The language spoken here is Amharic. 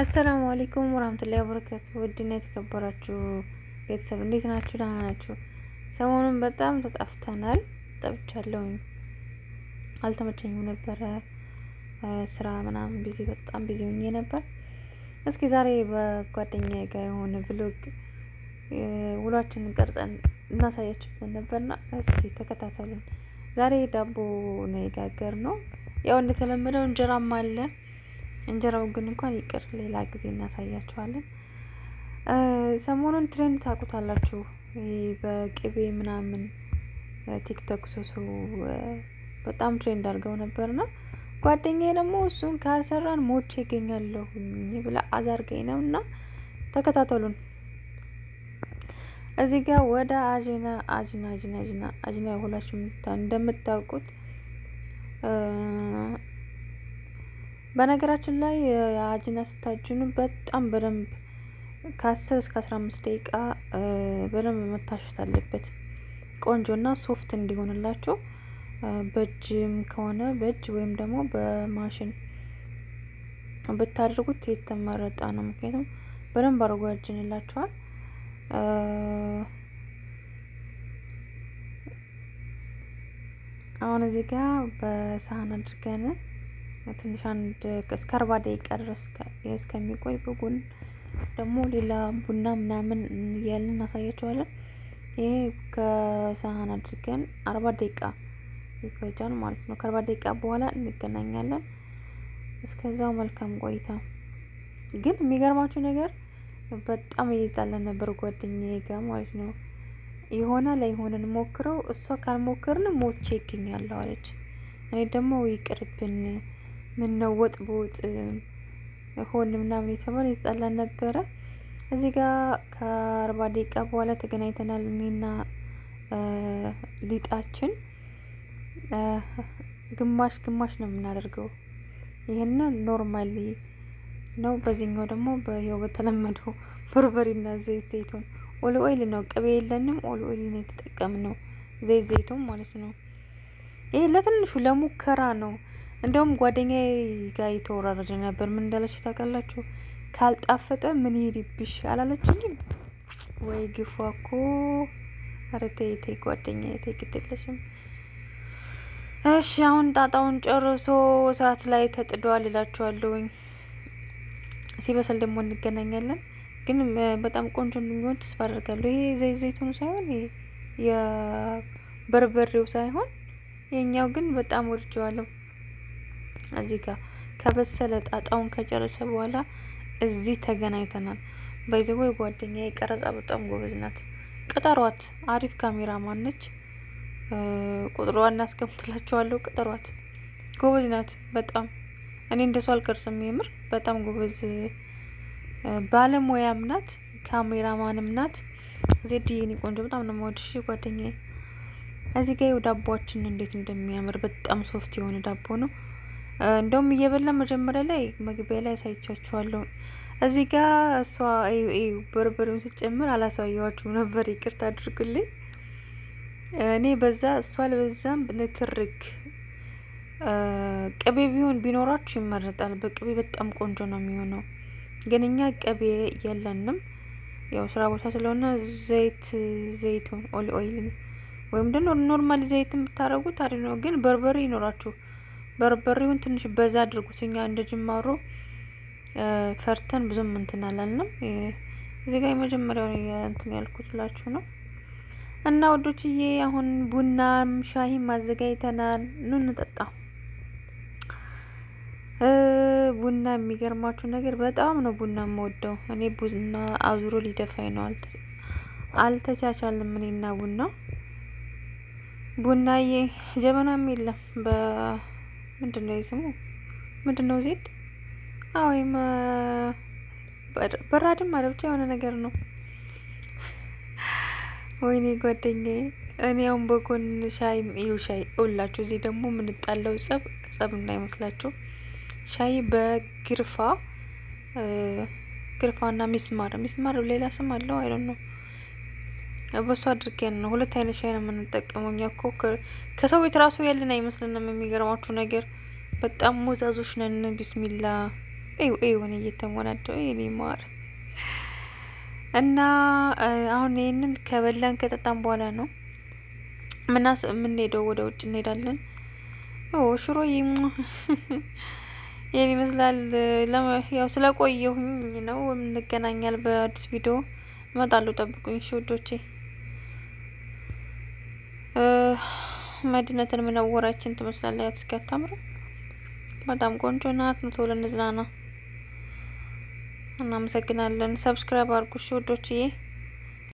አሰላሙ አለይኩም ወራህመቱላሂ ወበረካቱ። ውድና የተከበራችሁ ቤተሰብ እንዴት ናችሁ? ደህና ናችሁ? ሰሞኑን በጣም ተጣፍተናል። ጠብቻለሁ፣ አልተመቸኝም ነበረ ስራ ምናምን ቢዚ፣ በጣም ቢዚ ሆኜ ነበር። እስኪ ዛሬ በጓደኛ ጋር የሆነ ብሎግ ውሏችንን ቀርጸን እናሳያችሁበት ነበርና እስኪ ተከታተሉን። ዛሬ ዳቦ ነው የጋገር ነው። ያው እንደተለመደው እንጀራም አለ እንጀራው ግን እንኳን ይቅር፣ ሌላ ጊዜ እናሳያችኋለን። ሰሞኑን ትሬንድ ታውቁታላችሁ፣ በቅቤ ምናምን ቲክቶክ ሶሶ በጣም ትሬንድ አድርገው ና ጓደኛዬ ደግሞ እሱን ካሰራን ሞቼ ይገኛለሁ ብላ አዛርገኝ ነው እና ተከታተሉን። እዚህ ጋር ወደ አጅና አጅና አጅና አጅና አጅና ሁላችሁ እንደምታውቁት በነገራችን ላይ አጅና ስታጅኑ በጣም በደንብ ከአስር እስከ አስራ አምስት ደቂቃ በደንብ መታሸት አለበት። ቆንጆና ሶፍት እንዲሆንላቸው በእጅም ከሆነ በእጅ ወይም ደግሞ በማሽን ብታደርጉት የተመረጠ ነው። ምክንያቱም በደንብ አድርጎ ያጅንላቸዋል። አሁን እዚህ ጋር በሳህን አድርገን ትንሽ አንድ እስከ አርባ ደቂቃ ድረስ እስከሚቆይ በጎን ደግሞ ሌላ ቡና ምናምን እያልን እናሳያቸዋለን። ይሄ ከሳህን አድርገን አርባ ደቂቃ ይፈጃል ማለት ነው። ከአርባ ደቂቃ በኋላ እንገናኛለን። እስከዛው መልካም ቆይታ። ግን የሚገርማችሁ ነገር በጣም እየጣለ ነበር ጓደኛዬ ጋ ማለት ነው። የሆነ አይሆንም ሞክረው፣ እሷ ካልሞክርን ሞቼ ይገኛለሁ አለች። እኔ ደግሞ ይቅርብን ምን ነው ወጥ በወጥ ሆን ምናምን የተባለ የተጣላን ነበረ። እዚህ ጋር ከአርባ ደቂቃ በኋላ ተገናኝተናል እኔና ሊጣችን ግማሽ ግማሽ ነው የምናደርገው። ይህን ኖርማሊ ነው። በዚህኛው ደግሞ በህይወት በተለመደው በርበሬና ዘይት ዘይቱን ኦሊ ኦይል ነው። ቅቤ የለንም። ኦሊ ኦይል ነው የተጠቀምነው። ዘይት ዘይቱን ማለት ነው። ይሄ ለትንሹ ለሙከራ ነው። እንደውም ጓደኛዬ ጋር የተወራረደ ነበር። ምን እንዳለች ታውቃላችሁ? ካልጣፈጠ ምን ይሄድብሽ አላለችኝም ወይ? ግፏ እኮ ኧረ ተይ ተይ ጓደኛዬ ተይ፣ ግድ የለሽም። እሺ አሁን ጣጣውን ጨርሶ እሳት ላይ ተጥዷል እላችኋለሁኝ። ሲበስል ደግሞ እንገናኛለን። ግን በጣም ቆንጆ እንደሚሆን ተስፋ አደርጋለሁ። ይሄ ዘይ ዘይቱን ሳይሆን የበርበሬው ሳይሆን የኛው ግን በጣም ወድጀዋለሁ። እዚህ ጋር ከበሰለ ጣጣውን ከጨረሰ በኋላ እዚህ ተገናኝተናል። ባይዘወይ ጓደኛ የቀረጻ በጣም ጎበዝ ናት። ቅጠሯት፣ አሪፍ ካሜራ ማነች። ቁጥሯ እናስቀምጥላችኋለሁ። ቅጠሯት፣ ጎበዝ ናት በጣም እኔ እንደሷ አልቀርጽም። የምር በጣም ጎበዝ ባለሙያም ናት፣ ካሜራማንም ናት። ዜድ የኔ ቆንጆ በጣም ነው የምወድሽ ጓደኛዬ። እዚህ ጋር ዳቦችን እንዴት እንደሚያምር በጣም ሶፍት የሆነ ዳቦ ነው። እንደውም እየበላ መጀመሪያ ላይ መግቢያ ላይ አሳይቻችኋለሁ። እዚህ ጋ እሷ በርበሬውን ስትጨምር አላሳየዋችሁም ነበር፣ ይቅርታ አድርጉልኝ። እኔ በዛ እሷ አልበዛም ንትርክ። ቅቤ ቢሆን ቢኖራችሁ ይመረጣል። በቅቤ በጣም ቆንጆ ነው የሚሆነው። ግን እኛ ቅቤ የለንም። ያው ስራ ቦታ ስለሆነ ዘይት ዘይቱን ኦሊ ኦይል ወይም ደግሞ ኖርማል ዘይትን ብታደረጉት አሪፍ ነው። ግን በርበሬ ይኖራችሁ በርበሬውን ትንሽ በዛ አድርጉት። እኛ እንደ ጅማሮ ፈርተን ብዙም እንትን አላልንም። እዚህ ጋር የመጀመሪያው እንትን ያልኩት ላችሁ ነው። እና ወዶችዬ አሁን ቡናም ሻሂም አዘጋጅተናል። ኑ እንጠጣ። ቡና የሚገርማችሁ ነገር በጣም ነው ቡና የምወደው እኔ። ቡና አዙሮ ሊደፋኝ ነው። አልተቻቻልም እኔና ቡና ቡናዬ ጀበናም የለም በ ምንድነው ስሙ ምንድነው ዜድ? አዎ በራድም አለ ብቻ የሆነ ነገር ነው። ወይኔ ጓደኛዬ፣ እኔ አሁን በጎን ሻይ ይው ሻይ እውላችሁ። እዚህ ደግሞ የምንጣለው ጸብ ጸብ እንዳይመስላችሁ። ሻይ በግርፋ ግርፋና ሚስማር ሚስማር ሌላ ስም አለው አይደል ነው በሱ አድርገን ነው ሁለት አይነት ሻይ ነው የምንጠቀመው። እኛ እኮ ከሰው ቤት ራሱ ያለን አይመስልንም። የሚገርማችሁ ነገር በጣም ሞዛዞች ነን። ቢስሚላ ሆነ እየተሞናደው ይኔ ማር እና አሁን ይህንን ከበላን ከጠጣም በኋላ ነው ምናስ የምንሄደው ወደ ውጭ እንሄዳለን። ሽሮ ይሙ ይህን ይመስላል። ያው ስለቆየሁኝ ነው። እንገናኛል በአዲስ ቪዲዮ እመጣለሁ። ጠብቁኝ ሽውዶቼ። መዲነትን ምነወራችን ትመስላለች። እስኪ በጣም ቆንጆ ናት። ኑ ቶሎ እንዝናና። እናመሰግናለን። ሰብስክራይብ አድርጉ ውዶችዬ።